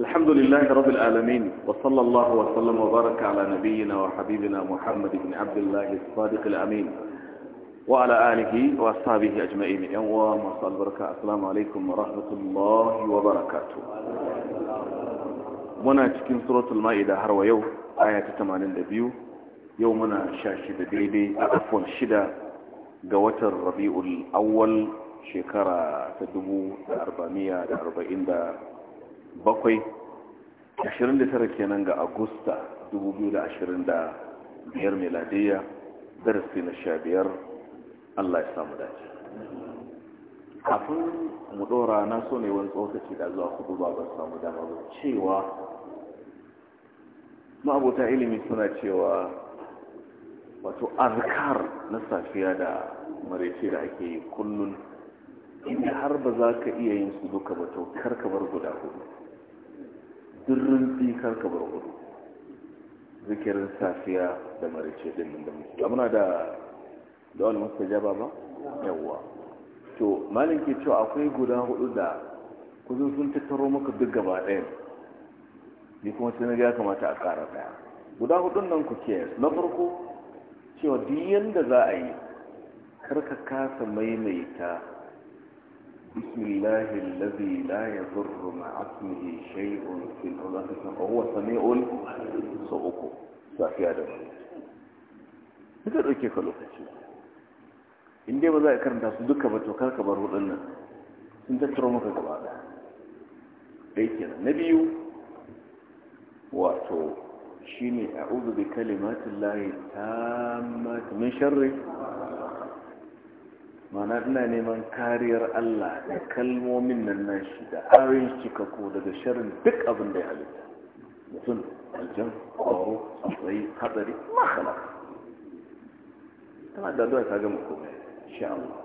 الحمد لله رب العالمين وصلى الله وسلم وبارك على نبينا وحبيبنا محمد بن عبد الله الصادق الأمين وعلى آله وأصحابه أجمعين يوم وصل بركة السلام عليكم ورحمة الله وبركاته muna cikin suratul ma'ida har wa yau aya ta 82 yau muna 16 daidai a afwan shida ga watan rabi'ul awwal shekara ta 1447 bakwai 29 kenan ga agusta 2025 miladiyya darasi na sha biyar allah ya samu dace kafin mu dora na so ne wani tsokaci da zuwa kudu ba ba samu dama ba cewa ma'abota ilimi suna cewa wato arkar na safiya da maraice da ake yi kullum inda har ba za ka iya yin su duka ba to kar ka bar guda hudu dirrin tsikar ka bar zikirin safiya da marice din da muke da muna da da wani masu jaba ba yawwa to malin ke cewa akwai guda hudu da kuzo sun tattaro maka duk gaba ɗaya ni kuma sai ga kamata a ƙara ɗaya guda hudun nan ku ke na farko cewa duk yanda za a yi karka kasa maimaita بسم الله الذي لا يضر مع اسمه شيء في الأرض وهو سميع صعوكو صحيح هذا هذا كيف خلوك إن دي بذلك كانت تصدقك بتوكالك برغض أن انت ترمك كبابا بيتنا نبي وعطو شيني أعوذ بكلمات الله التامة من شر mana ina neman kariyar Allah da kalmomin nan shi da arin ko daga sharin duk abin da ya halitta mutum aljan kwaro tsayi hatsari makala tana da addu'a ta gama ko sha Allah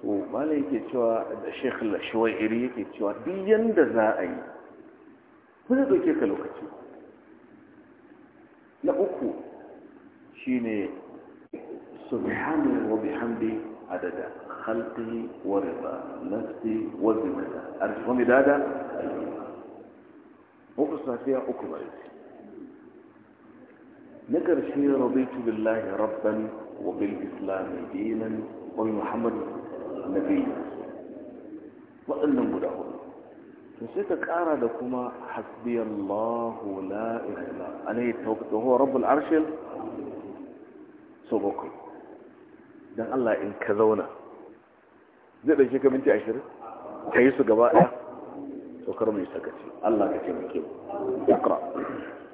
to malai yake cewa da Sheikh Lashwairi yake cewa duk yanda za a yi ku zai dauke ka lokaci na uku shine subhanahu wa bihamdihi عدد خلقه ورضا نفسه وزمته أرجو مدادا أقصى فيها أكبر نكر شيء رضيت بالله ربا وبالإسلام دينا وبمحمد نبيا وأن مدعون نسيتك أرادكما حسبي الله لا إله إلا أنا يتوقف وهو رب العرش سبقه dan Allah in ka zauna zai ɗauke ka minti ashirin ka yi su gaba ɗaya saukar mai sakaci Allah ka taimake mu ikra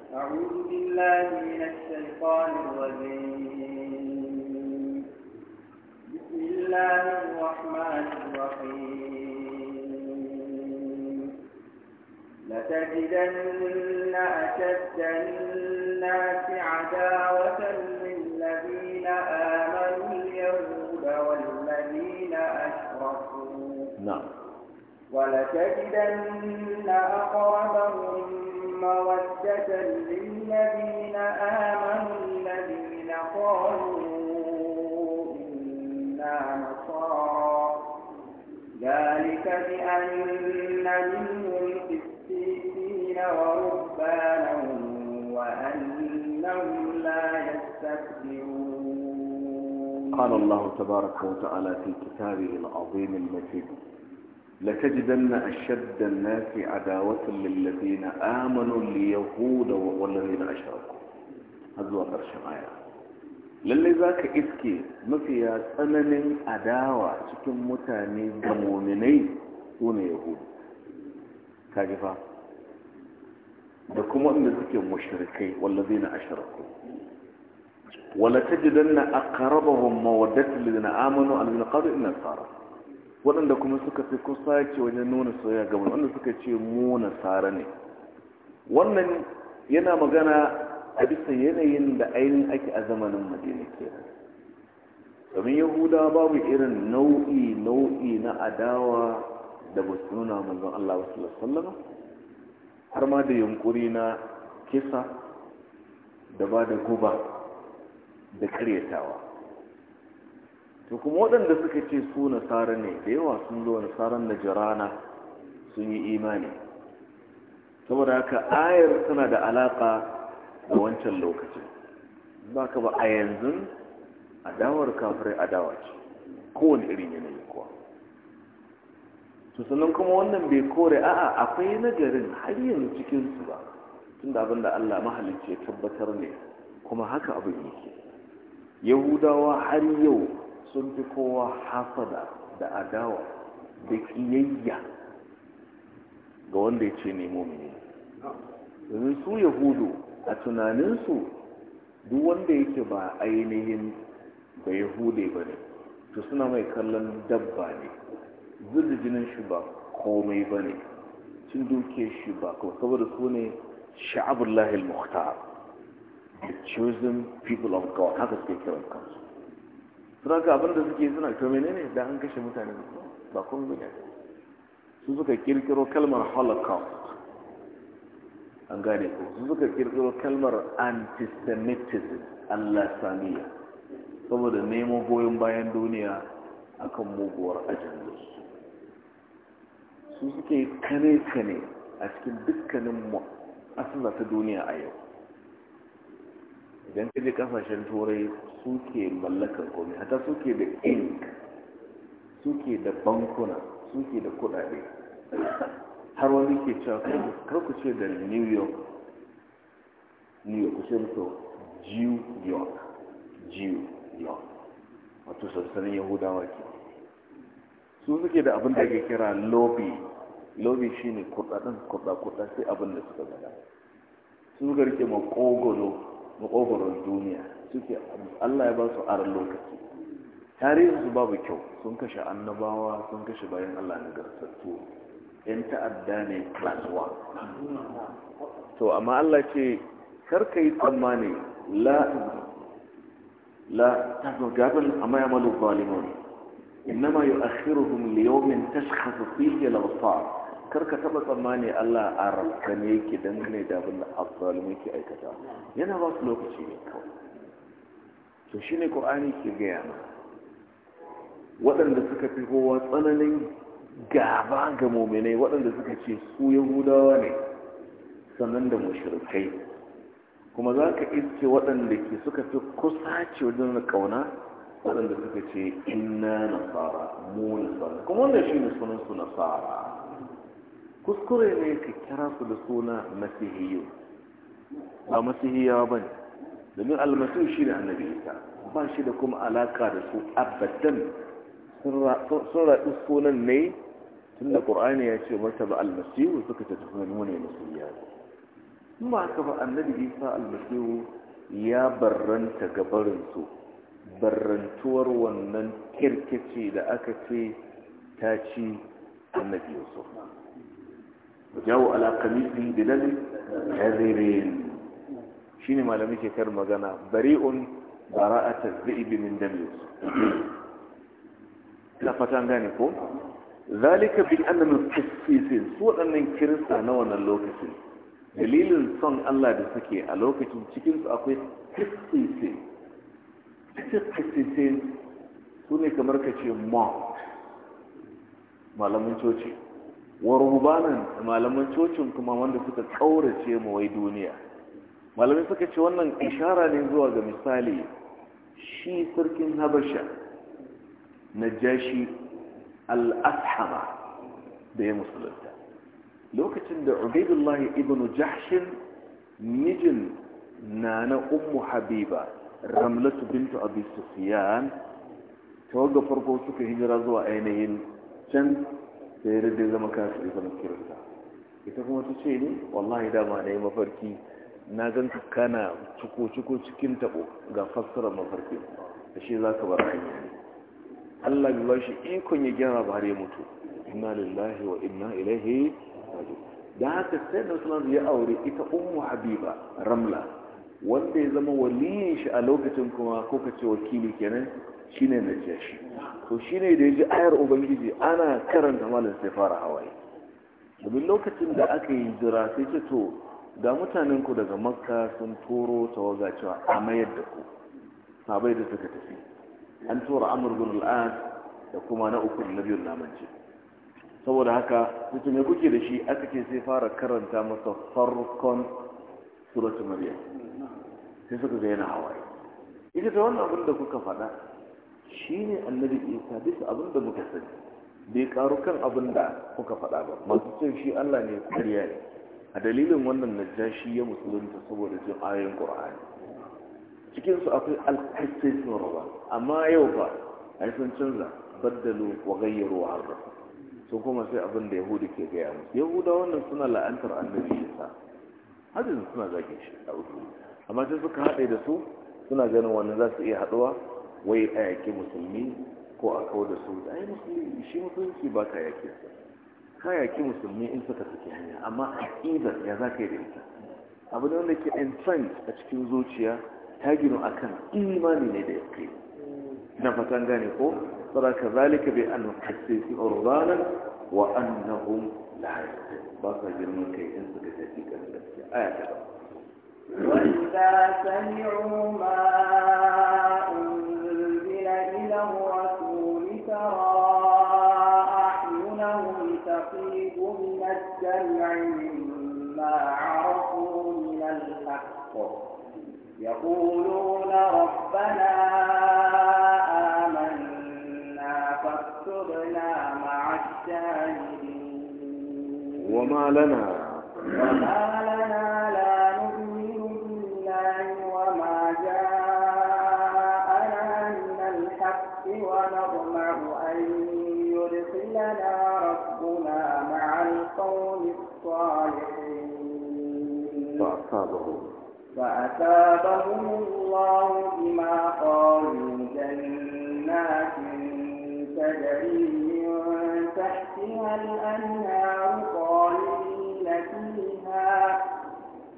أعوذ بالله من الشيطان الرجيم بسم الله الرحمن الرحيم لتجدن أشد الناس عداوة ولتجدن أقربهم مودة للذين آمنوا الذين قالوا إنا نصارى ذلك بأن منهم قسيسين ورهبانا وأنهم لا يستكبرون قال الله تبارك وتعالى في كتابه العظيم المجيد لتجدن أشد الناس عداوة للذين آمنوا اليهود والذين أشركوا هذا هو قرشن آية للي ذاك إذكي مفيا ثمن عداوة تكون متاني جمومني دون يهود كاجفا da kuma inda suke mushrikai wallazina ashraku wala tajidanna aqrabahum mawaddatan lil amanu alladhina qalu inna nasara waɗanda kuma suka fi kusa ke wajen nuna soyayya ga wanda suka ce mu nasara ne wannan yana magana a bisa yanayin da ainihin ake a zamanin madina ke domin yahuda babu irin nau'i nau'i na adawa da ba su nuna manzon Allah wasu sallama har ma da yunkuri na kisa da ba da guba da karyatawa to kuma waɗanda suka ce su nasara ne da yawa sun zo nasaran da jirana sun yi imani saboda haka ayar tana da alaƙa da wancan lokacin ba ka ba a yanzu adawar kafirai adawa ce kowane irin yanayi kuwa sannan kuma wannan bai kore a akwai nagarin har yanzu cikinsu ba tun da abin da allah mahalicci ya tabbatar ne kuma haka abin yake yahudawa har yau sun fi kowa hasada da adawa da kiyayya ga wanda ya ce nemo mene domin su yahudu a tunaninsu duk wanda yake ba ainihin ba yahude ba ne to suna mai kallon dabba ne zuba jinin shi ba komai ba ne cin duke shi ba kuma saboda su ne sha'abullahi al-mukhtar the chosen people of god haka suke kiran kansu sun haka abin da suke suna to menene da an kashe mutane ba kun gunya su suka kirkiro kalmar holocaust an gane ko su suka kirkiro kalmar antisemitism allah saniya saboda nemo goyon bayan duniya akan muguwar ajiyar su suke kane-kane a cikin dukkanin mu'asila ta duniya a yau idan ka je kasashen turai suke mallakar komai hata suke da ink suke da bankuna suke da kudade har wani ke cewa kar ku ce da new york new york ku ce musu jew york jew york wato sassanin yahudawa ke su suke da abin da ke kira lobby lobby shine kudaden kudakuda sai abin da suka gada su garke rike makogolo makogoron duniya suke Allah ya ba su aran lokaci tarihinsu babu kyau sun kashe annabawa sun kashe bayan Allah na gartattu yan ta'adda ne class 1 to amma Allah ce karka yi tsammani la la tazgabal amma yamalu zalimun innama yu'akhiruhum li yawmin tashkhasu fihi al-absar karka taba tsammani Allah a rafka ne yake dangane da abin da azzalumai ke aikata yana ba su lokaci ne kawai to shi ne qur'ani ke gaya ma waɗanda suka fi kowa tsananin gaba ga muminai waɗanda suka ce su yahudawa ne sannan da mashirkai kuma za ka iske waɗanda ke suka fi kusa ce wajen da ƙauna waɗanda suka ce inna nasara mu nasara kuma wanda shi ne sunan su nasara kuskure ne ka kira su da suna masihiyu ba masihiyawa ba ne domin almasihu shi ne annabi isa ba shi da kuma alaka da su abadan sun raɗi sunan ne tun da ƙur'ani ya ce martaba almasihu suka ta tafi wani masihiya ne ba ka ba annabi isa almasihu ya barranta gabarinsu barrantuwar wannan kirkici da aka ce ta ci annabi yusuf jawo alakamisi da bidalin hazirin shi ne malami ke kar magana bari'un bara'atar zaibi min dalil na fata gane ko zalika bi annamin kristisin su waɗannan kirista na wannan lokacin dalilin son allah da suke a lokacin cikin su akwai kristisin kristisin su ne kamar ka ce mawt malamin coci wa malaman cocin kuma wanda suka kaurace mu wai duniya malamai suka ce wannan ishara ne zuwa ga misali shi sarkin habasha najashi jashi ashama da ya musulunta lokacin da ubaidullahi ibn jahshin mijin na na ummu habiba ramlatu bintu abi sufyan tawaga farko suka hijira zuwa ainihin can sai ya daddai zama ya zama kirista ita kuma ta ce ne wallahi dama na yi mafarki na gan kana ciko-ciko cikin tabo ga fassara mafarki da shi za ka bar hanya Allah bi bashi ikon ya gyara ba har ya mutu inna lillahi wa inna ilaihi da haka sai da sunan ya aure ita ummu habiba ramla wanda ya zama waliyin shi a lokacin kuma ko ka ce wakili kenan shine najashi to shi ne da ya ji ayar ubangiji ana karanta malam sai fara hawaye domin lokacin da aka yi jira sai ce to ga mutanen ku daga makka sun toro tawaga cewa a mayar da ku sabai da suka tafi an tura amur al'ad da kuma na uku da biyun lamanci saboda haka mutum ya kuke da shi aka ce sai fara karanta masa farkon suratun mariya sai suka ga yana hawaye ita ta wannan abin da kuka faɗa shi ne annabi isa bisa abin da muka sani bai karu kan abin da muka faɗa ba masu cin shi allah ne karya ne a dalilin wannan najashi ya musulunta saboda jin ayoyin ƙur'ani cikinsu akwai alƙasai sun raba amma yau ba a yi sun canza baddalo wa gayyaro a harrafa sun kuma sai abin da yahudu ke gaya musu yahuda wannan suna la'antar annabi isa hajjin suna zagin shi a uku amma sai suka haɗe da su suna ganin wannan za su iya haɗuwa wai a yaƙi musulmi ko a kawo da su da musulmi shi musulunci ba ka yaƙi ka yaƙi musulmi in suka saki hanya amma aƙidar ya za ka yi da ita abu da wanda ke entrant a cikin zuciya ta gino a kan imani ne da yaƙi na fatan gane ko tsara ka zalika bai an kasisi urbanan wa annahum la ba sa girman kai in suka tafi kan gaskiya aya ta ba وإذا سمعوا ما يقولون ربنا آمنا فاكتبنا مع الشاهدين وما لنا وما لنا لا نؤمن بالله وما جاءنا من الحق ونطمع أن يدخلنا ربنا مع القوم الصالحين فأصابهم فأتابهم الله بما قالوا جنات تجري من تحتها الأنهار خالدين فيها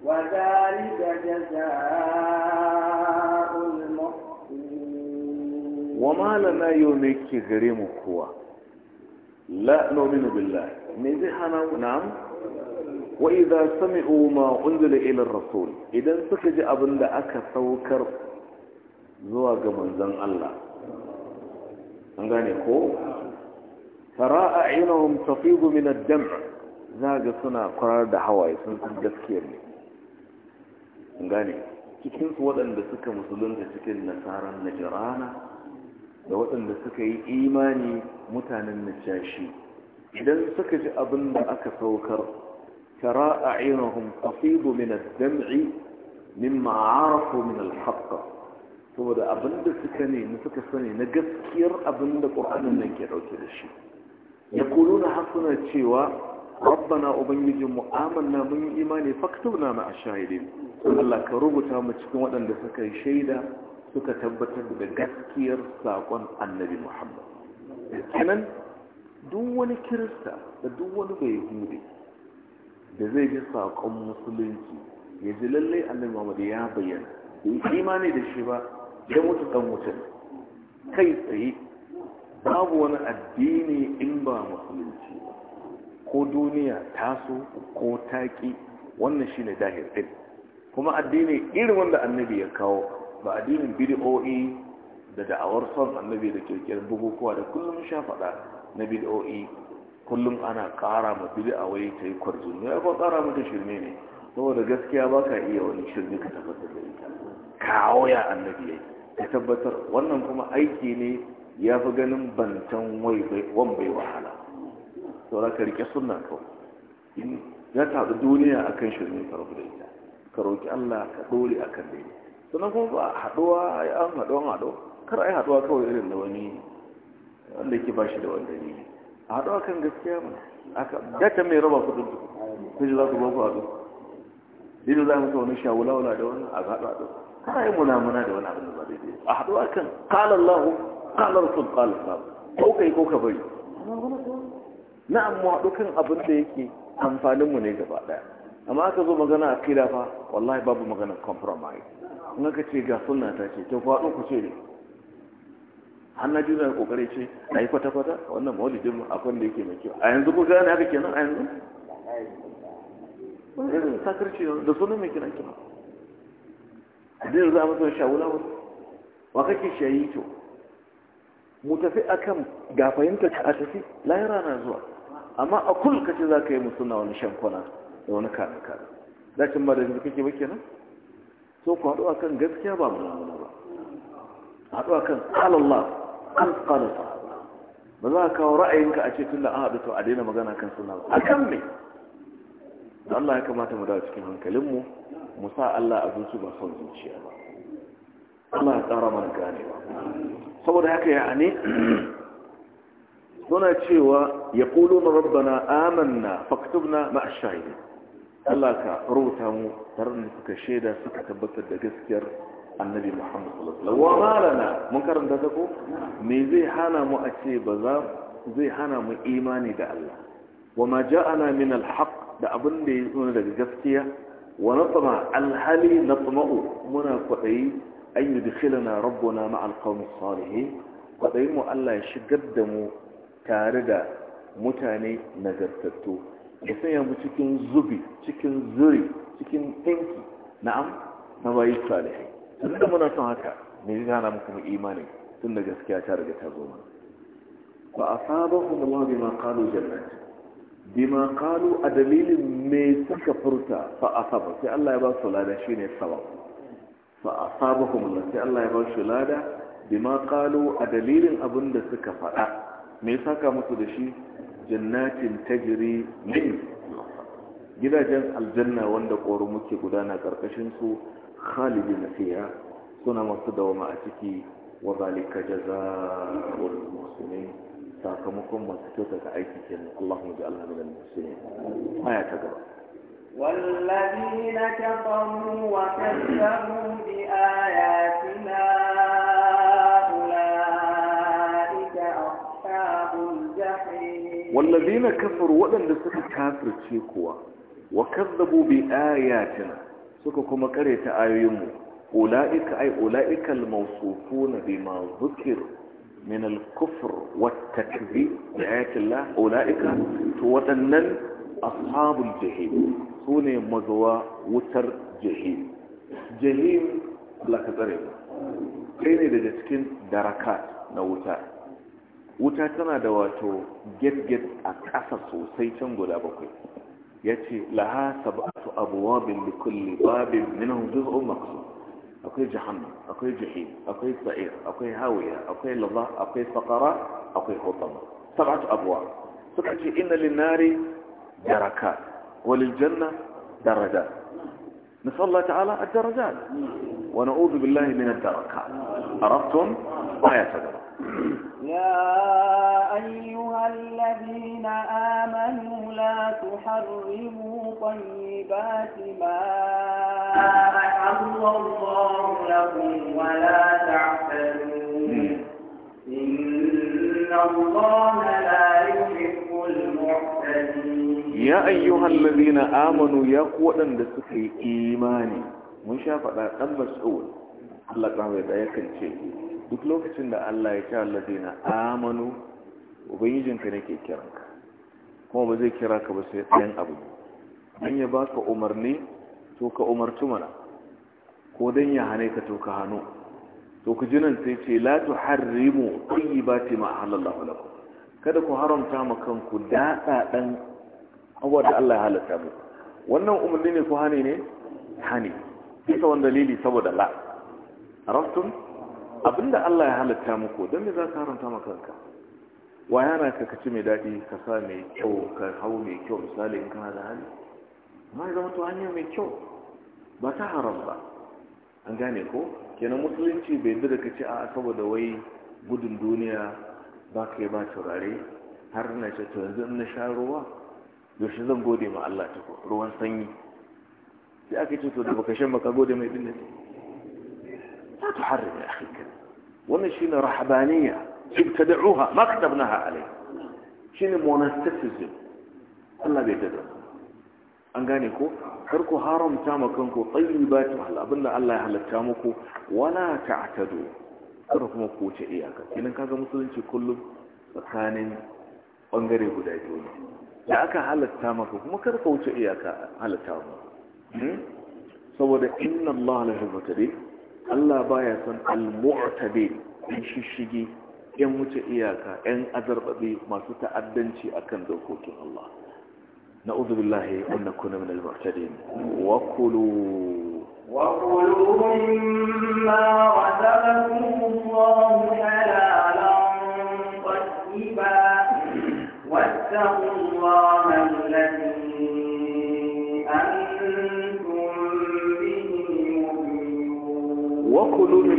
وذلك جزاء المحسنين وما لنا يونيك غريم قوة لا نؤمن بالله نزحنا نعم وإذا سمعوا ما أنزل إلى الرسول إذا سكج أبن لأك سوكر زواج من زن الله أنغاني كو ترى أعينهم تفيض من الدمع زاج سنة قرار دحواي ne. جسكيرني أنغاني cikin su waɗanda suka musulunta cikin nasarar najirana da waɗanda suka yi imani mutanen najashi idan suka ji abin da aka saukar ترى أعينهم تفيض من الدمع مما عرفوا من الحق saboda abin da suka suka sani na gaskiyar abinda da ƙur'anin nan ke ɗauke da shi ya kulu na hasuna cewa rabbana ubangijin mu amanna mun yi imani faktubna ma a shahidin Allah ka rubuta mu cikin waɗanda suka yi shaida suka tabbatar da gaskiyar saƙon annabi Muhammad kenan duk wani kirista da duk wani bai hude da zai bi saƙon musulunci ya ji lallai annabi muhammad ya bayyana bai imani da shi ba ya mutu kan kai tsaye babu wani addini in ba musulunci ba ko duniya taso ko taƙi wannan shi ne dahir ɗin kuma addini irin wanda annabi ya kawo ba addinin bidi'o'i da da'awar son annabi da kirkirar bukukuwa da kullum sha faɗa na bidi'o'i kullum ana ƙara ma bid'a wai ta yi kwarzo ne ko ƙara mata shirme ne saboda gaskiya ba ka iya wani shirme ka tabbatar da ita kawo ya annabi ya ka tabbatar wannan kuma aiki ne ya fi ganin bantan wan bai wahala saura ka rike sunna ka. ya taɓa duniya akan shirme ka rufu da ita ka roƙi Allah ka dore akan daidai sannan kuma ba haɗuwa an haɗuwa haɗuwa kar a yi haɗuwa kawai irin da wani wanda ba shi da wanda ne. a haɗu akan gaskiya ba ya can mai raba kudin su ji za su ku haɗu dino za mu sa wani shawula da wani a haɗu haɗu kana yi munamuna da wani abin da ba daidai a haɗu akan kala Allah kala Rasul Sabu ko kai ko ka bari na'am mu haɗu kan abin da yake amfaninmu ne gaba ɗaya amma aka zo magana a kira fa wallahi babu magana compromise in aka ce ga sunna ta ce to faɗo ku ce ne har na juna kokari ce a yi kwata-kwata wannan maulidin akwai da yake mai kyau a yanzu ko gane haka kenan a yanzu wani irin sakarci da sunan mai kina a addinin za a masa shawula wasu wa kake shayi to mu tafi akan ga fahimta ka a tafi lahira na zuwa amma a kul kace za ka yi musu na wani shan kwana da wani kada-kada. dacin ba da yanzu kake ba kenan so ku haɗu akan gaskiya ba mu ba haɗu akan alallah ba za ka kawo ra'ayinka a ce tun da an haɗu to a daina magana kan suna a kan da Allah ya kamata mu dawo cikin hankalinmu mu sa Allah a zuci ba son zuciya ba Allah ya tsara mana ganewa saboda haka ya ne suna cewa ya ƙulo na rabbana amanna faktubna ma'a shahidi Allah ka rubuta mu tare da suka shaida suka tabbatar da gaskiyar annabi muhammad sallallahu wa malana mun karanta ta ko me zai hana mu a ce ba za zai hana mu imani da Allah wa ma ja'ana min alhaq da abin da ya zo daga gaskiya wa natma alhali natma'u muna kwadayi an yudkhilana rabbuna ma alqawmi salihin kwadayi mu Allah ya shigar da mu tare da mutane nagartattu ya sanya mu cikin zubi cikin zuri cikin tinki na'am na bayi salihai tun da muna son haka me ya gana muku imani tun da gaskiya ta riga ta zo mana saba kuma Allah bima qalu jannat bima qalu a dalilin me suka furta fa saba, sai Allah ya ba su lada shine sabab fa kuma Allah sai Allah ya ba su lada bima qalu a dalilin abin da suka faɗa me saka musu da shi jannatin tajri min gidajen aljanna wanda ƙoro muke gudana ƙarƙashin su na fiha suna masu dawama a ciki wa zalika jazaa'ul muhsinin sakamakon masu kyautata aiki kenan Allahumma ja'alna minal muhsinin aya ta gaba والذين كفروا وكذبوا بآياتنا أولئك أصحاب الجحيم والذين كفروا لسك كافر وكذبوا بآياتنا suka kuma kare ta ayoyinmu ula'ika ay ula'ikal mawsufuna bima zukir min al-kufr wa takdhib bi ayatillah ula'ika to wadannan ashabul jahim sune mazuwa wutar jahim jahim Allah ka tsare kai ne daga cikin daraka na wuta wuta tana da wato get get a kasa sosai can guda bakwai yace laha sab'atu abwabin li kulli babin minhum juz'un maqsum akwai jahannam akwai jahim akwai sa'ir akwai hawiya akwai ladha akwai saqara akwai hutam sab'atu abwab suka ce inna lin nari darakat wa lil janna darajat نسأل الله تعالى الدرجات ونعوذ بالله من الدركات عرفتم آية درجات يا أيها الذين آمنوا لا تحرموا طيبات ما أحل الله لكم ولا تعتدوا إن الله لا يحب المعتدين يا أيها الذين آمنوا يا قوة لسكي إيماني مش sha faɗa ɗan mas'ul Allah ta mai duk lokacin da Allah ya kira ladina amanu ubangijinka nake kiranka kuma ba zai kira ka ba sai ɗayan abu dan ya baka umarni to ka umartu mana ko dan ya hane ka to ka hano to ku jinan sai ce la tuharrimu tayyibati ma halallahu lakum kada ku haramta ma kanku dada dan abuwa da Allah ya halatta muku wannan umarni ne ku hane ne hane bisa wani dalili saboda la arabtum abinda Allah ya halatta muku don me za ka haramta makanka wa yana ka kaci mai daɗi ka sa mai kyau ka hau mai kyau misali in kana da hali ma ya zama to hanya mai kyau ba ta haram ba an gane ko kenan musulunci bai zira ka ce a saboda wai gudun duniya ba ka yi ba turare har na ce to yanzu in na sha ruwa yaushe zan gode ma Allah ta ruwan sanyi sai aka ce to da baka shan baka gode mai din لا تحرم يا أخي كذا ونشين رحبانية ابتدعوها ما كتبناها عليه شين مونستسزم الله بيتدعو an gane ko haramta ma kanku tsayyibatu hal abinda Allah ya halatta muku wala ta'tadu kuma ku wuce iyaka idan kaga musulunci kullum tsakanin bangare guda biyu ne da aka halatta maka kuma kar ka wuce iyaka halatta mu saboda inna Allah la yuhibbu Allah baya son al-mu'tabi in shishige yan wuce iyaka yan azarbabe masu ta'addanci akan dokokin Allah na'udhu billahi an nakuna min al-mu'tadin wa kulu wa kulu mimma razaqakum Allah halalan tayyiban wattaqu Allah alladhi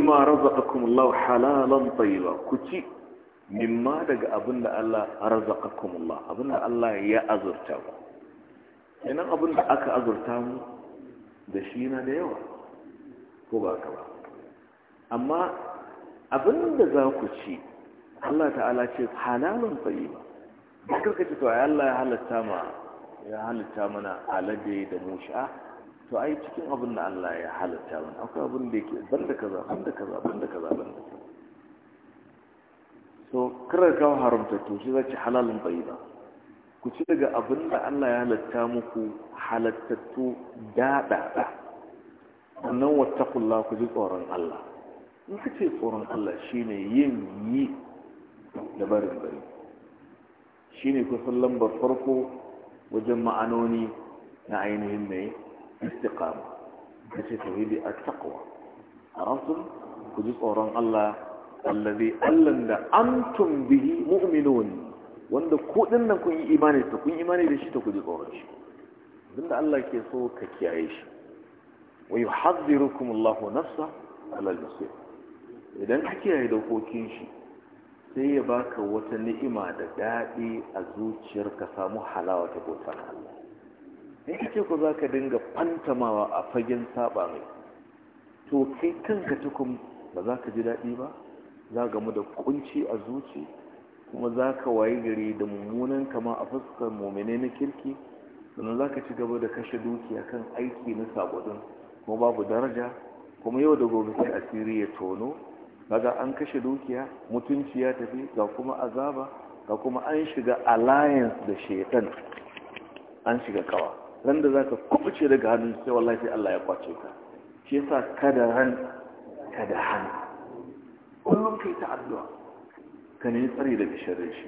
mimma razaqakum halalan tayyiba ku ci mimma daga abinda Allah razaqakum abinda Allah ya azurta ku kenan abinda aka azurta mu da shi na da yawa ko ba ka ba amma abinda za ku ci Allah ta'ala ce halalan tayyiba ba karkace to ai Allah ya halatta ma ya halatta mana alade da musha to ai cikin abin da Allah ya halatta mana akwai abin da yake banda kaza banda kaza banda kaza banda to kar ka haramta to shi zai halalin ba ku ci daga abin da Allah ya halatta muku halattattu daɗaɗa annan wattaqullah ku ji tsoron Allah in kace tsoron Allah shine yin yi da barin bari shine kusan lambar farko wajen ma'anoni na ainihin mai istiqama da tauhidi a taqwa a rasul ku ji tsoron Allah allazi allan da antum bihi mu'minun wanda ku dinnan kun yi imani da kun imani da shi ta ku ji tsoron shi da Allah ke so ka kiyaye shi wa yuhadhdhirukum Allah nafsa ala al-masir idan ka kiyaye dokokin shi sai ya baka wata ni'ima da daɗi a zuciyarka samu halawa ta bautar Allah in ka ku za ka dinga fantamawa a fagen saba mai to kai kanka tukun ba za ka ji daɗi ba za gamu da kunci a zuci kuma za ka waye gari da mummunan kama a fuskar muminai na kirki sannan za ka ci gaba da kashe dukiya kan aiki na sabodin kuma babu daraja kuma yau da gobe sai asiri ya tono daga an kashe dukiya mutunci ya tafi ga kuma azaba ga kuma an shiga alliance da shetan an shiga kawa ran da ka kubuce daga hannun sai wallahi sai Allah ya kwace ka shi yasa kada ran kada hannu kullum kai ta addu'a ka ne tsari daga sharri shi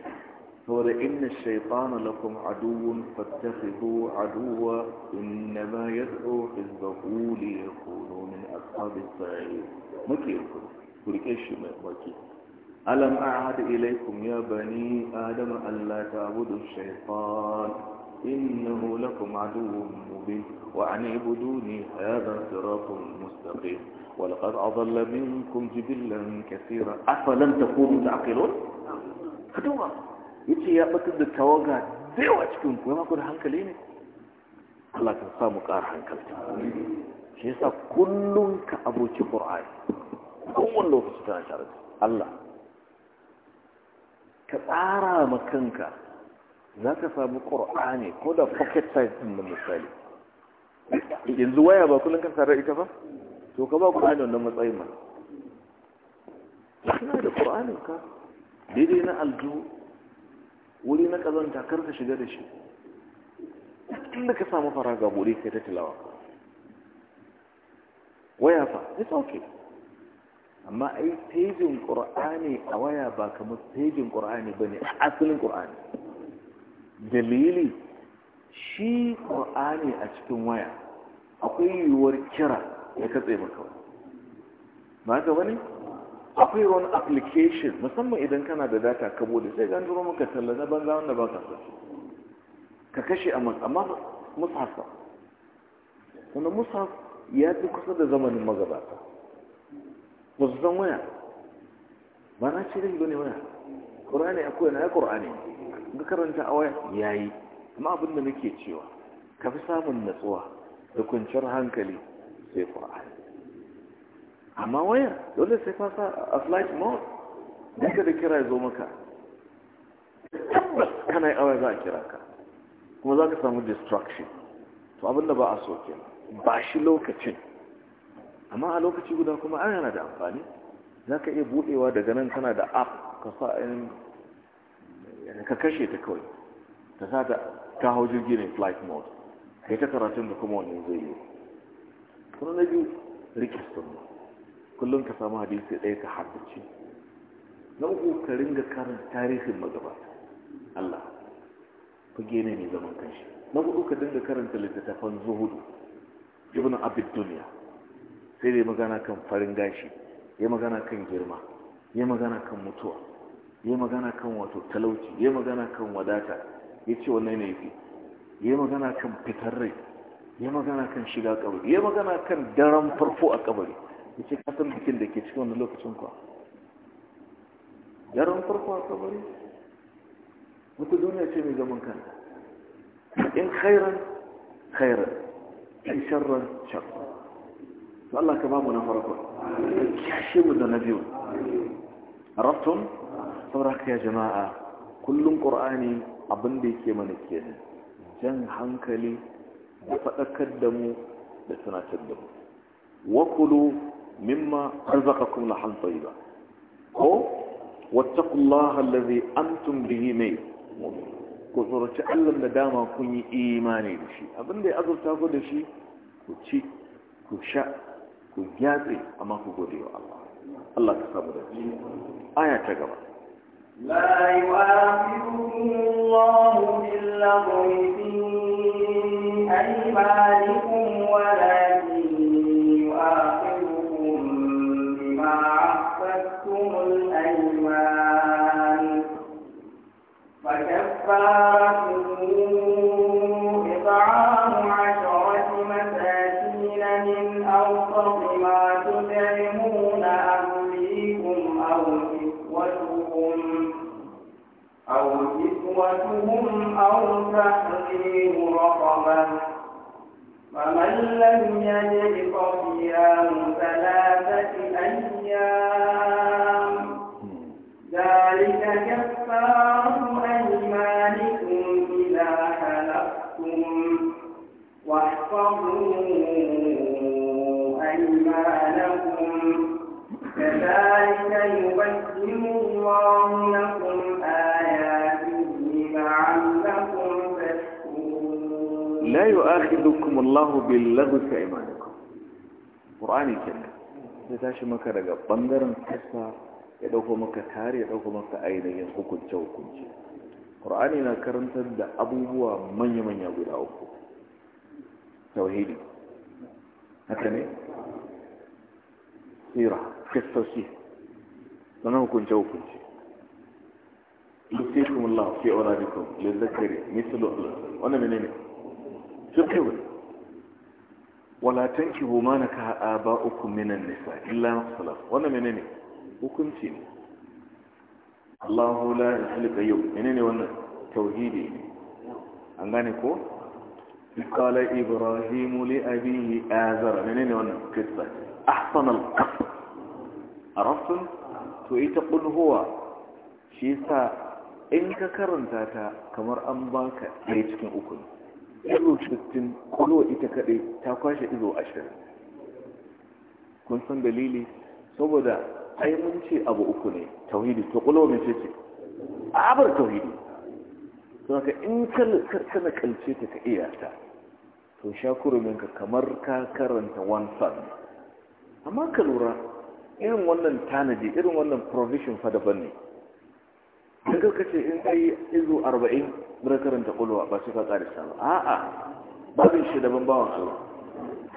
saboda inna shaytana lakum aduwwun fattakhidhu aduwwa innama yad'u hizbahu li yakunu min ashabis sa'ir muke ku shi mai baki alam a'hadu ilaykum ya bani adama alla ta'budu gudu shaytana إنه لكم عدو مبين وأن اعبدوني هذا صراط مستقيم ولقد أضل منكم جبلا كثيرا أفلم تكونوا تعقلون فدوما yace ya batar da tawaga da cikin ku yana hankali ne Allah kan samu ƙar hankali shi yasa kullum ka aboki Qur'ani kowanne lokaci tana tare ka tsara ma kanka za ka samu ƙor'ani ko da pocket size ɗin da misali yanzu waya ba kullum kan tare ita ba to ka ba ƙor'ani wannan matsayin ma suna da ƙor'anin ka daidai na aljo wuri na ƙazanta kar ka shiga da shi inda ka samu fara ga buɗe kai ta tilawa waya fa it's okay amma ai pejin ƙor'ani a waya ba kamar pejin ƙor'ani ba ne a asalin ƙor'ani dalili shi ƙur'ani a cikin waya akwai yiwuwar kira ya katse maka wani ba ka wani akwai wani application musamman idan kana da data ka bude sai gandu zuro maka talla na banza wanda ba ka sa ka kashe a amma musasa wanda musasa ya fi kusa da zamanin magabata ba su san waya ba na ce da ne waya ƙur'ani akwai na ya ƙur'ani ne ga karanta a waya ya yi, amma abin da nake cewa ka fi samun natsuwa da kwanciyar hankali sai Kur'ani. amma waya dole sai fasa a flight mode duka da kira zo maka tabbas kana yi waya za a kira ka kuma za ka samu distraction to abin da ba a soke ba shi lokacin amma a lokaci guda kuma an yana da amfani za ka iya buɗewa daga nan kana da app ka sa Yana ka kashe ta kawai ta sa ta kawo hau jirgi ne flight mode kai ta karatun da kuma wani zai yi kuma na biyu rike sunna kullum ka samu hadisi ɗaya ka haddace na uku ka ringa karin tarihin magabata Allah fage ne zaman kanshi na hudu ka dinga karanta littattafan zuhudu ibn abid duniya sai dai magana kan farin gashi ya magana kan girma ya magana kan mutuwa ya magana kan wato talauci ya magana kan wadata ya ce wannan ne fi ya magana kan fitar rai ya magana kan shiga kabari ya magana kan daren farko a kabari ya ce kasar bikin da ke cikin wani lokacin kwa daren farko a kabari wata duniya ce mai zaman kanta in khairan khairan in sharran sharran to Allah ka ba mu na farko Ya shi mu da na biyu عرفتم sauraka ya jama'a kullum ƙur'ani abin da yake mana kenan jan hankali da faɗakar da mu da tunatar da mu wakulu mimma arzakakum lahan ba. ko wattaqullaha allazi antum bihi mai ku tsoraci Allah da dama kun yi imani da shi abin da ya azurta ku da shi ku ci ku sha ku gyatse amma ku gode wa Allah Allah ka samu da shi aya ta gaba لا يؤاخذه الله باللغو في أيمانكم ولكن يؤاخذكم بما عقدتم الأيمان فكفارته لم يجد فصيام ثلاثة أيام ذلك كفار أيمانكم إذا حلفتم واحفظوا أيمانكم كذلك يبين الله لا يؤاخذكم الله باللغو في ايمانكم قراني كده zai tashi maka daga bangaren kasa ya dauko maka tare ya dauko maka ainihin hukunce hukunce ƙur'ani na karantar da abubuwa manya-manya guda uku tauhidi haka ne tsira kristosi sannan hukunce hukunce lusikumullah fi aunadikun lizzakari misalu wannan menene ne fiqh wala tankihu ma nakaha aba'ukum minan nisa illa salaf wannan menene hukunci ne Allahu la ilaha yau menene wannan tauhidi ne an gane ko قال إبراهيم لأبيه آذر منين وانا كتبة أحسن to ita تويت قل هو شيسا in ka karanta ta kamar an baka ɗaya cikin ukun izo 60 kulo ita kaɗai ta kwashe izo 20 kun san dalili saboda ainihin ce abu uku ne tauhidi to kulo mai ce ce abar tauhidi don ka in kana kalce ta ka iya ta to sha ka kamar ka karanta one sun amma ka lura irin wannan tanadi irin wannan provision fa daban ne ka ce in kai izu arba'in mura karanta kulwa ba su ka karisa ba a'a babin shi daban bawan Allah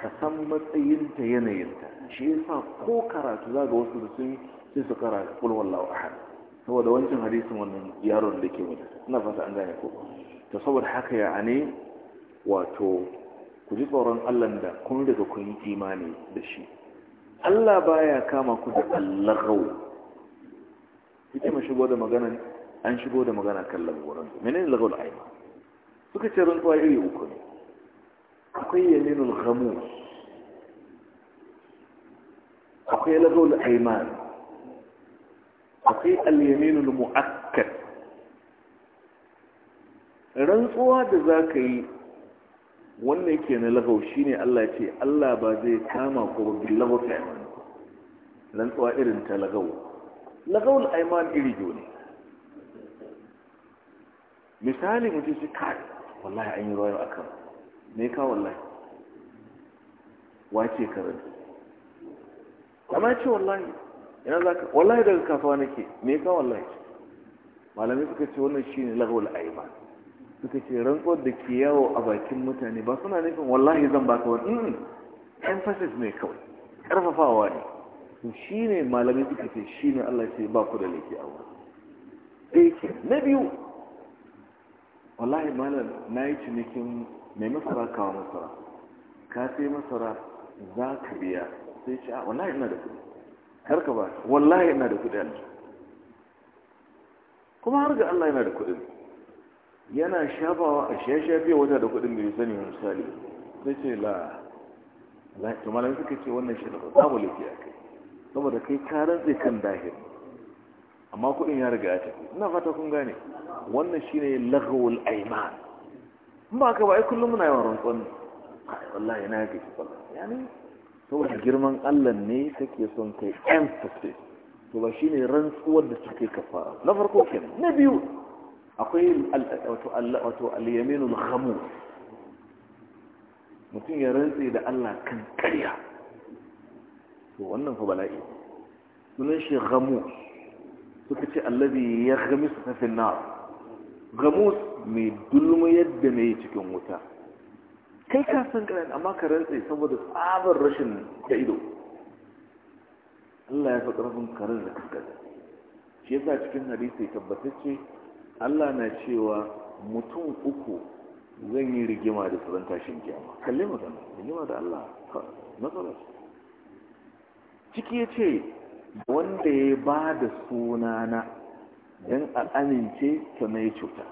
ka san matsayinta yanayinta shi yasa ko karatu zaga ga wasu da sun sai su kara kulwallahu ahad saboda wancan hadisin wannan yaron da ke wani ina fata an gane ko to saboda haka ya ne wato ku ji tsoron Allah da kun daga kun yi imani da shi Allah baya kama ku da allagau yake mu shigo da maganan an shigo da magana kan lagoran menene lagol aima suka ce rantsuwa iri uku ne akwai yaminul khamus akwai lagol aiman akwai al-yaminul mu'akkad rantsuwa da za ka yi wannan ke na lagau shi ne Allah ce Allah ba zai kama ko babin lagau ta rantsuwa irin ta lagau lagau al'aiman iri ne misali mutum shi kai wallahi an yi ruwa yau akan me ka wallahi wace ka rabi amma ce wallahi ina za ka wallahi daga kafawa nake me ka wallahi malamai suka ce wannan shine lahul aiba suka ce rantsuwar da ke yawo a bakin mutane ba suna nufin wallahi zan baka wani emphasis ne kawai karfafawa ne to shine malamai suka ce shine Allah ya ce ba ku da laifi a wurin na biyu wallahi malam na yi cinikin mai masara kawo masara ka sai masara za ka biya sai ce a ah, wallahi ina da kudi karka ba wallahi ina da kudi alji kuma har ga Allah yana da kudi yana shafawa a shashafe wata da kudin da ya sani misali sai ce la la to malam suka ce wannan shi da babu lafiya kai saboda kai ka zai kan dahiri amma kuɗin ya riga ya tafi ina fata kun gane wannan shine laghwul aiman ba ka ba ai kullum muna yawan rantsuwan wallahi na yake ki wallahi yani saboda girman Allah ne take son kai emphasis to ba shine rantsuwar da take kafara na farko kenan na biyu akwai wato Allah wato al-yaminul khamus mutum ya rantsi da Allah kan ƙarya to wannan fa bala'i sunan shi khamus suka ce allazi ya su na finnar gamus mai dulmu yadda mai cikin wuta kai ka san kanan amma ka rantse saboda tsabar rashin da ido Allah ya fi ƙarfin karin da kaskada shi yasa cikin hadisi tabbatacce Allah na cewa mutum uku zan yi rigima da tsoron tashin kiyama kalle magana rigima da Allah nasarar ciki ya ce wanda ya ba da sunana don a amince na ya cuta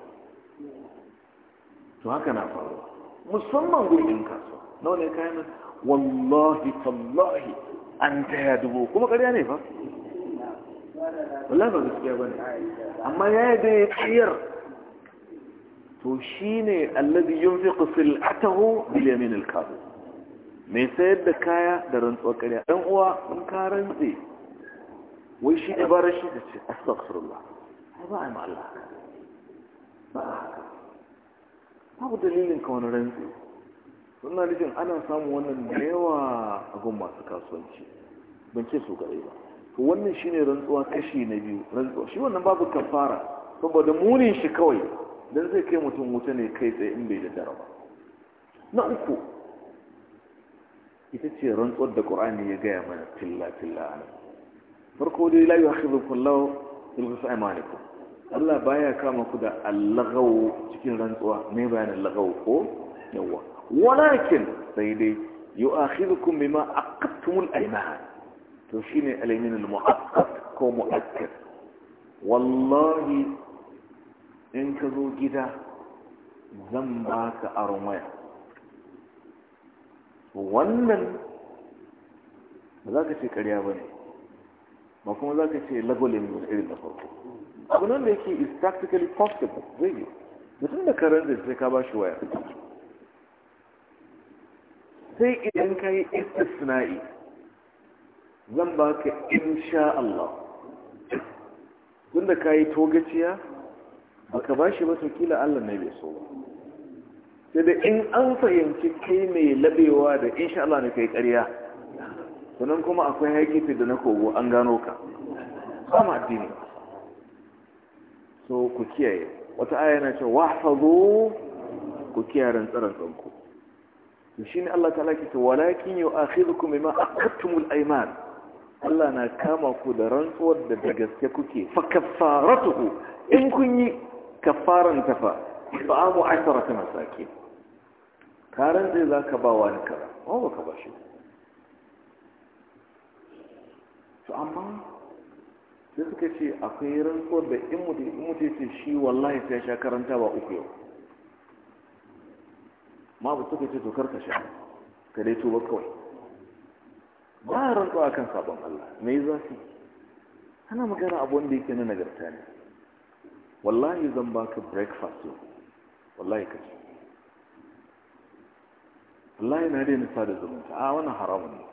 to haka na faruwa musamman gurbin kasuwa na wani kayan wallahi tallahi an taya dubu kuma karya ne ba, wallahi ba gaskiya ba ne amma ya yi da ya tsayar to shi ne allazi yin fi kusur atahu biliyamin alkazu mai sayar da kaya da rantsuwa ƙarya. ɗan uwa in ka rantse wai shi da shi da ce ai ba a yi Allah ba dalilin ka wani rantsi suna lijin ana samun wannan da yawa a gun masu kasuwanci ban ce su gare ba to wannan shine rantsuwa kashi na biyu rantsuwa shi wannan babu kafara saboda munin shi kawai dan zai kai mutum wuta ne kai tsaye in bai da dara ba na uku ita ce rantsuwar da ƙur'ani ya gaya mana tilla tilla farko dai la yu'akhidhukum Allahu bil aymanikum Allah baya kama ku da allagawo cikin rantsuwa mai bayanin allagawo ko yawa walakin sai dai yu'akhidhukum a aqadtumul ayman to shine alaymin al mu'aqqat ko mu'akkad wallahi in ka zo gida zan baka aron waya wannan ba za ka ce karya ba ne ba kuma za ka ce lagolin irin na farko abu nan da yake is practically possible zai yi mutum da karen da sai ka ba shi waya sai idan ka yi istisna'i zan ba ka insha Allah da ka yi togaciya ba ka ba shi ba su kila Allah ne bai so ba sai da in an fahimci kai mai labewa da insha Allah ne ka yi sannan kuma akwai haƙifi da na kogo an gano ka sama addini so ku kiyaye wata aya na cewa wahfazu ku kiyaye rantsaran da shi ne Allah ta laki ta walakin yu'akhidhukum bima aqattumul ayman Allah na kama ku da rantsuwar da da gaske kuke fa in kun yi kafaran tafa fa'amu asharata masakin karan zai zaka ba wani kaza ba ka ba shi to amma sai suka ce akwai rantsuwar da in mutu ce shi wallahi sai sha karanta ba uku yau ma ba suka ce tokar ka sha ka dai tuba kawai ba rantsuwa kan sabon Allah me yi su ana magana abu wanda yake na nagarta ne wallahi zan baka breakfast yau wallahi ka ce wallahi na daina da zumunta a wani haramun ne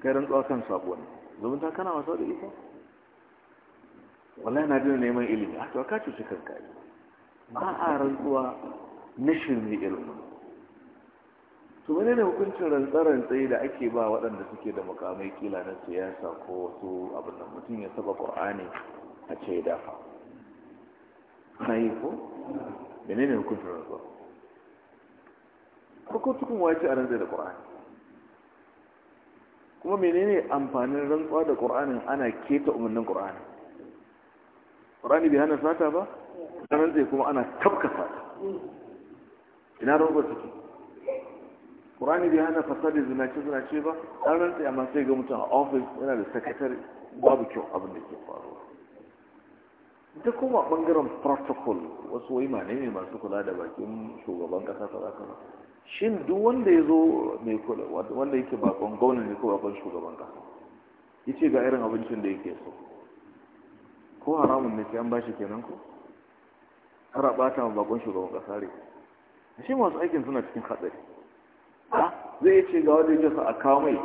kai rantsuwa kan sabo ne ta kana wasa da ita wallahi na biyu neman ilimi a to ka cuci kanka ba a rantsuwa na shirme ilimin to wani ne hukuncin tsaye da ake ba waɗanda suke da mukamai kila na siyasa ko wasu abin da mutum ya saba ƙwa'ani a ce dafa na yi ko mene ne hukuncin rantsuwa ko tukun wace a rantsar da ƙwa'ani kuma menene amfanin rantsuwa da qur'anin ana keta umarnin qur'ani qur'ani bai hana sata ba dan rantsa kuma ana tabka sata ina rawar take qur'ani bai hana fasadi zinace zinace ba dan rantsa amma sai ga mutum a office yana da secretary babu kyau abin da ke faruwa duk kuma bangaren protocol wasu wai ne masu kula da bakin shugaban kasa kaza kaza shin duk wanda ya zo mai kula wanda yake bakon gwamnan ne ko bakon shugaban ka ya ce ga irin abincin da yake so ko haramun ne sai an bashi kenan ko har a bata ma bakon shugaban kasa ne. shi masu aikin suna cikin hatsari ah, zai ce ga wanda yake sa a kawo mai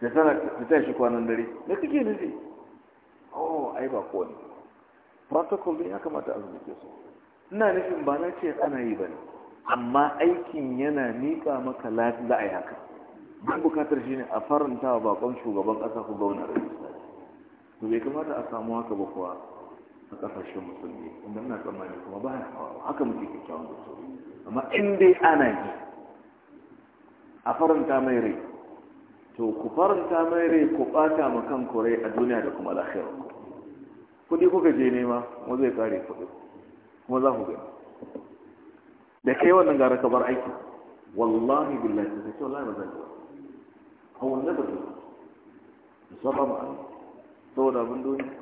da tana ta shi kwanan dare da kake nufi oh ai ba ko ne protocol din ya kamata a ke su ina nufin ba na ce ana yi ba ne amma aikin yana miƙa maka la'ayi haka don bukatar shi ne a faranta wa bakon shugaban ƙasa ku gauna rai su bai kamata a samu haka ba kuwa a ƙasashen musulmi inda muna tsammani kuma ba ya hawa haka muke kyakkyawan gusto amma in dai ana yi a faranta mai rai to ku faranta mai rai ku ɓata ma kan kore a duniya da kuma lafiyar kuɗi kuka je nema kuma zai kare kuɗi kuma za ku gani da kai wannan gara ka bar aiki wallahi billahi sai ce wallahi ba zan yi a wannan ba zai su ma Allah saboda abin duniya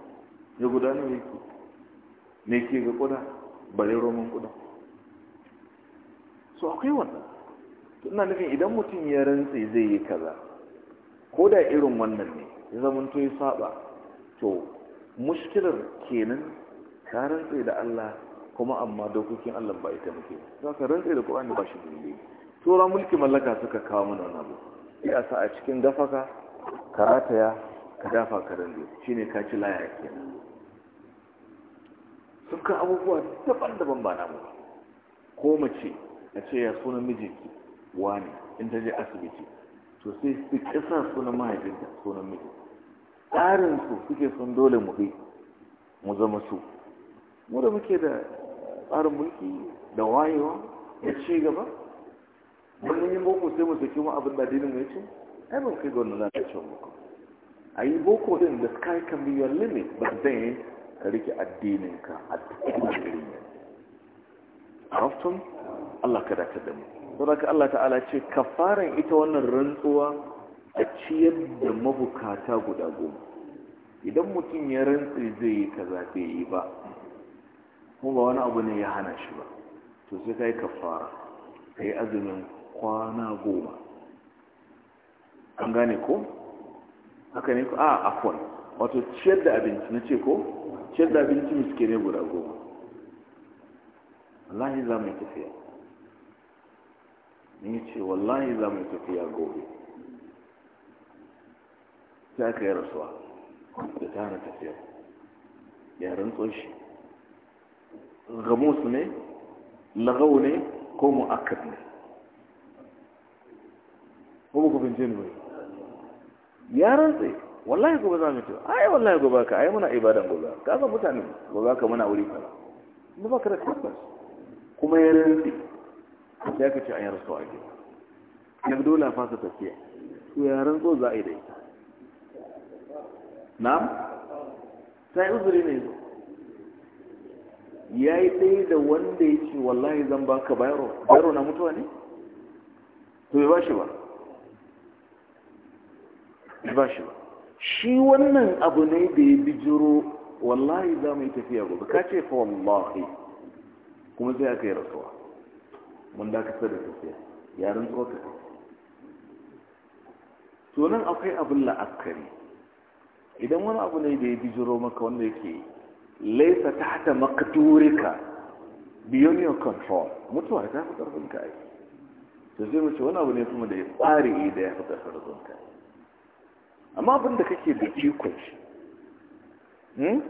ya gudanar da ke? me ke ga kuda bare roman kuda so akwai wannan ina nufin idan mutum ya rantsi zai yi kaza ko da irin wannan ne ya zama to ya saba to mushkilar kenan ka da Allah kuma amma dokokin Allah ba ita muke za ka rantsa da Qur'ani ba shi dole tura mulki mallaka suka kawo mana wannan abu ya a sa a cikin gafaka karataya ka dafa ka rande shine ka ci laya kenan sun abubuwa daban-daban ba namu ko mace a ce ya sunan mijinki wani in ta je asibiti to sai su kisa sunan mahaifinta sunan miji tsarin su suke sun dole mu bi mu zama su mu da muke da tsarin mulki da wayewa da ci gaba wani yin boko sai mu saki mu abin da dinin mu ce ai ban kai ga wannan ce boko a yi boko din da sky can be your limit ba zan yi ka rike addinin ka a cikin Arafton Allah ka dace da mu haka Allah ta'ala ce kafaran ita wannan rantsuwa a ciyar da mabukata guda goma idan mutum ya rantsi zai yi kaza bai yi ba kuma ba wani abu ne ya hana shi ba to sai ka yi kafara ka yi azumin kwana goma an gane ko haka ne ko a ah, akwai wato ciyar da abinci na ce ko ciyar da abinci suke ne guda goma wallahi za mu tafiya ni ce wallahi za mu tafiya gobe sai aka yi rasuwa da ta hana tafiya yaren tsoshi gamus ne lagau ne ko mu'akkad ne ko ba ku bince ni bai ya rantse wallahi gobe za mu ce ai wallahi gobe ka ai muna ibadan gobe ka san mutane gobe ka muna wuri kaza mu ka da tabbas kuma ya rantse sai ka ce an yi rasuwa gida na dole tafiya to za a yi da ita na sai uzuri ne ya yi ɗaya da wanda ya ce wallahi zan ba ka bayaro bayaro na mutuwa ne to bai ba shi ba ba shi ba shi wannan abu ne da ya bijiro wallahi za mu yi tafiya gobe ka ce fa wallahi kuma zai aka yi rasuwa mun dakatar da tafiya yaren tsoka to nan akwai abin la'akari idan wani abu ne da ya bijiro maka wanda yake laisa hata makaturika beyond your control mutuwa ta fi karfin ka to sai mu ce wani abu ne kuma da ya tsari eh, da ya fi karfin ka amma abin da kake da iko shi hmm?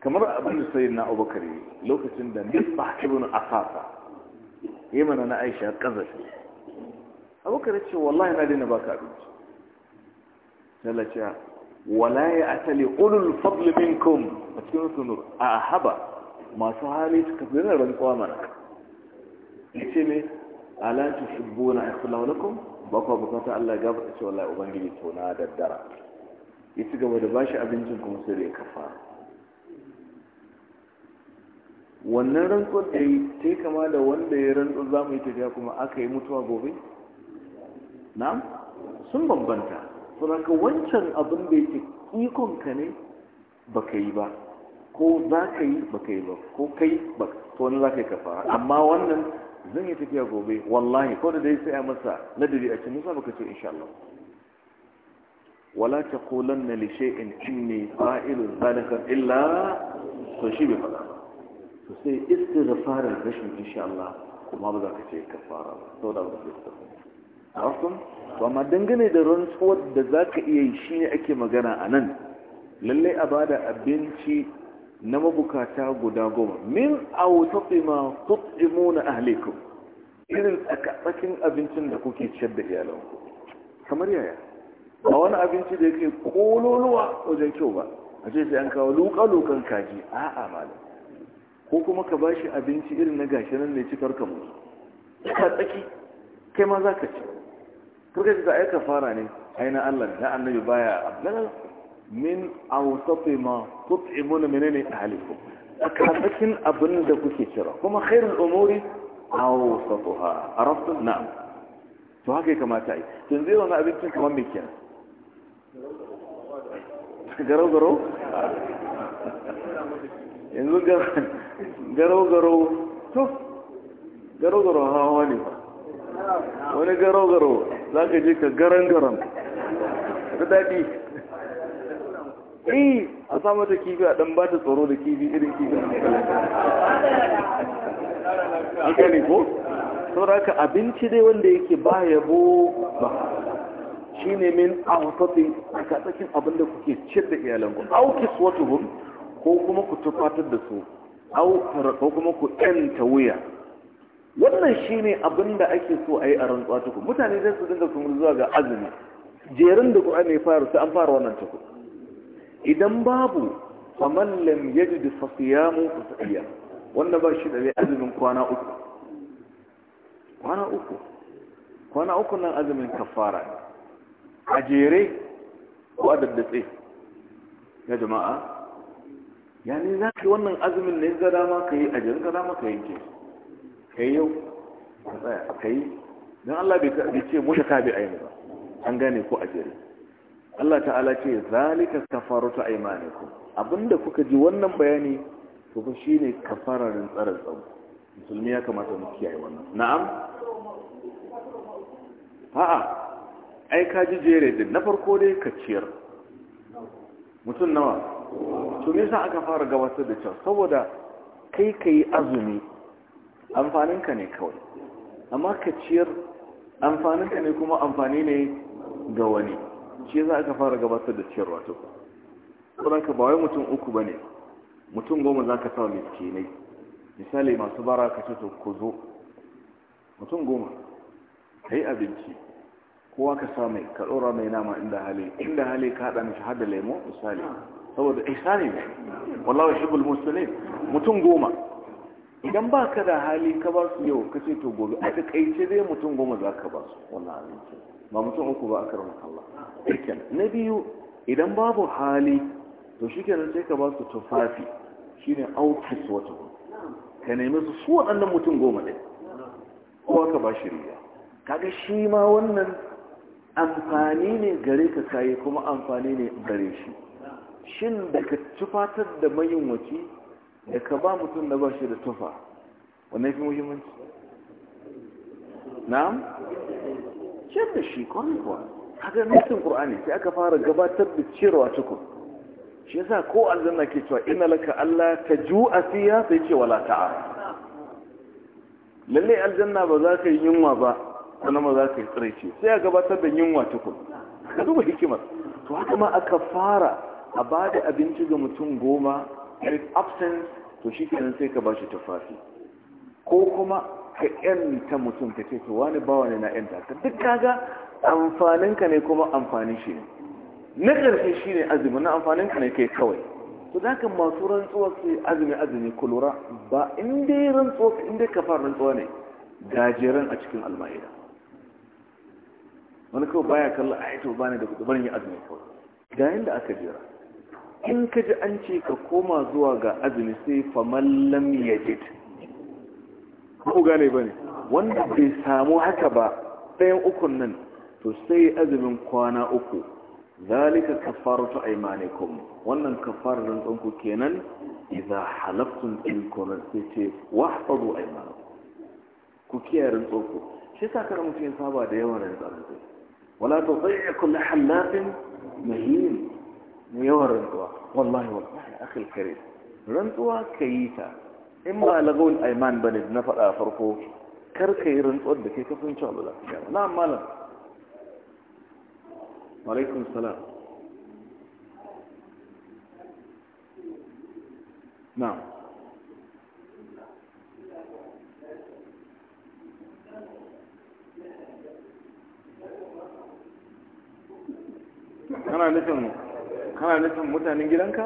kamar abin da sai na abubakar lokacin da misbah ibn asasa yi mana na aisha kazafi abubakar ce wallahi na daina baka abinci sai wala ya atali ulul fadli minkum a cikin sunur a haba masu hali suka fi yana rantsuwa mana ya ce ne ala tuhibbuna ikhlawlakum ba ku ta Allah gaba ta ce wallahi ubangiji to na daddara ya ci gaba da bashi abincin kuma sai ya kafa wannan rantsuwar da yi ta yi kama da wanda ya rantsu za mu yi tafiya kuma aka yi mutuwa gobe na sun bambanta su ka wancan abin da yake ka ne ba ka yi ba ko za ka yi ba ka yi ba ko kai ba to wani za ka yi fara. amma wannan zan yi tafiya gobe wallahi ko da dai sai a masa ladabi a cikin ba ka ce insha Allah wala in li shay'in inni fa'ilun zalika illa to shi bai faɗa ba sai istighfarin rashin insha Allah kuma ba za ka ce kafara ba da ba ka ce kafara awesome to amma dangane da rantsuwar da za ka iya yi shi ne ake magana a nan lallai a bada abinci na mabukata guda goma min autafi ma tutsimu na ahaliku irin tsakatsakin abincin da kuke ciyar da iyalanku kamar yaya a wani abinci da yake kololuwa wajen kyau ba a ce sai an kawo luka-lukan kaji a'a amalin ko kuma ka ba shi abinci irin na gashi nan ne cikar kamu tsaki kai ma za ka ci kuka ce ai kafara ne ai na Allah da annabi baya abdala min awsati ma tut'imuna minani ahlikum akafakin abin da kuke kira kuma khairul umuri awsatuha arafta na'am to haka ya kamata ai yanzu yau na abincin kamar me kenan garau garau yanzu garau garau to garau garau hawa ne wani garau garau za ka je ka garan-garan ta daɗi eh a samar ta kifi a ɗan ba ta tsoro da kifi irin kifi an gane ko? sauraka abinci dai wanda yake ba yabo ba shi ne min awasafin a katsakin abinda kuke ci da iyalanku auki swatuhun ko kuma ku tufatar da su aukar ko kuma ku ta wuya wannan shine abin da ake so a yi a rantsuwa tuku mutane zai su dinga kuma zuwa ga azumi jerin da ƙwa'ani ya faru sai an fara wannan tuku idan babu faman lam yajid fa siyamu fa sa'iya wanda ba shi da zai azumin kwana uku kwana uku kwana uku nan azumin kafara a jere ko a daddatse ya jama'a yani za ka yi wannan azumin ne ga dama ka yi a jirin ka dama ka yanke kai yau tsaya kai don Allah bai ce mutu ka bi aini ba an gane ko a jere Allah ta'ala ce zalika kafaratu aymanikum abinda kuka ji wannan bayani to fa shine kafararin tsarin tsawo musulmi ya kamata mu kiyaye wannan na'am Ha'a ai ka ji jere din na farko dai ka ciyar mutum nawa to me yasa aka fara gabatar da cewa saboda kai kai azumi amfaninka ne kawai amma ka ciyar amfaninka ne kuma amfani ne ga wani shi za ka fara gabatar da ciyarwa ta ku tsoronka ba wai mutum uku ba ne mutum goma za ka sa miskinai misali masu bara ka ce to ku zo mutum goma ka yi abinci kowa ka sa mai ka ɗora mai nama inda hali inda hali ka haɗa mishi har da lemo misali saboda ihsani ne wallahi shibul muslimin mutum goma idan ba ka da hali ka ba su yau ka ce to gobe a takaice dai mutum goma za ka ba su wannan abinci ba mutum uku ba a karin Allah ɗirken na biyu idan babu hali to shi kenan sai ka ba su tufafi shi ne autis wata ka nemi su su waɗannan mutum goma ɗin kowa ka ba shi riya kaga shi ma wannan amfani ne gare ka kayi kuma amfani ne gare shi shin da ka tufatar da mayunwaci da ka ba mutum da ba shi da tufa ya fi muhimmanci na'am ciyar da shi kwanan kuwa haka nufin ƙur'ani sai aka fara gabatar da ciyarwa tukun shi yasa ko aljanna ke cewa ina laka Allah ta a fiya sai ce wala ta'a lalle aljanna ba za ka yi yunwa ba kuma ba za ka yi tsiraici sai a gabatar da yunwa tukun ka duba hikimar to haka ma aka fara a ba da abinci ga mutum goma and absence to shi kenan sai ka bashi tufafi ko kuma ka yanta mutum ka ce to wani bawa ne na yanta ka duk kaga amfaninka ne kuma amfanin shi ne na ƙarfi shi ne azumi na amfaninka ne kai kawai to za ka masu rantsuwa su azumi azumi ku lura ba in dai rantsuwa inda ka kafar rantsuwa ne gajeren a cikin alma'ida wani kawai baya kallon a yi ba ne da kudu barin yi azumi kawai ga yadda aka jera in ka ji an ce ka koma zuwa ga azumi sai famallam ya jid ko gane ba ne wanda bai samu haka ba ɗayan ukun nan to sai azumin kwana uku zalika kafaratu aymanikum wannan kafarar tsanku kenan idza halaftum in kuntum sai wahfazu aymanakum ku kiyaye rantsanku shi sa kar mutum saba da yawan rantsanku wala tudayyi kullu halafin mahin ميو رنتوا والله والله يا اخي الكريم رنتوا كيتا اما لغون ايمان بن نفر افرقو كركي رنتوا دكي كفو ان شاء الله نعم لا وعليكم السلام نعم انا لسه kana nufin mutanen gidanka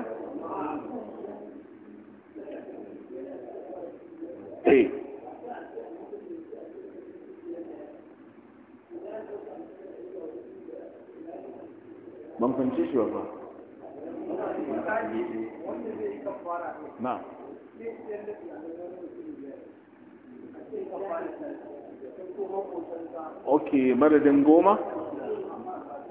eh ban fahimci shi ba na ok madadin goma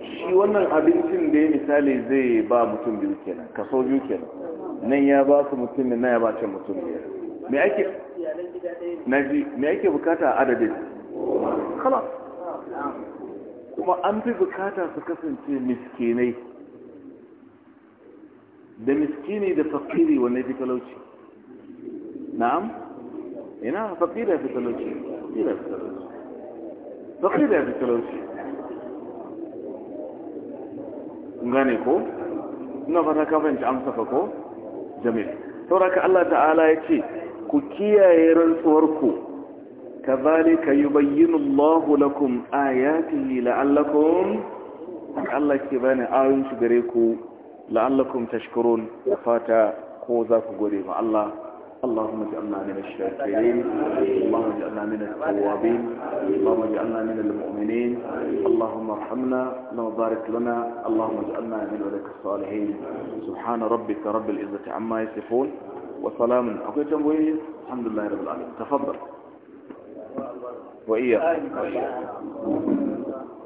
shi wannan abincin da ya misali zai ba mutum biyu kenan kaso biyu kenan nan ya ba su mutum nan ya ba can mutum biyar me ake bukata a adadin kala kuma an fi bukata su kasance miskinai da miskini da fakiri wanne fi talauci na'am ina ya fi talauci fakira fi talauci fi talauci kun gane ko ina fata ka fahimci amsa ko jamil sauraka Allah ta'ala ya ce ku kiyaye rantsuwarku kazalika yubayyinu Allahu lakum ayatihi la'allakum Allah ke bani ayoyin shi gare ku la'allakum tashkurun da fata ko za ku gode ma Allah اللهم اجعلنا من الشاكرين اللهم اجعلنا من التوابين اللهم اجعلنا من المؤمنين اللهم ارحمنا اللهم بارك لنا اللهم اجعلنا من ولك الصالحين سبحان ربك رب العزة عما يصفون وسلام أقول تنبويه الحمد لله رب العالمين تفضل وإياك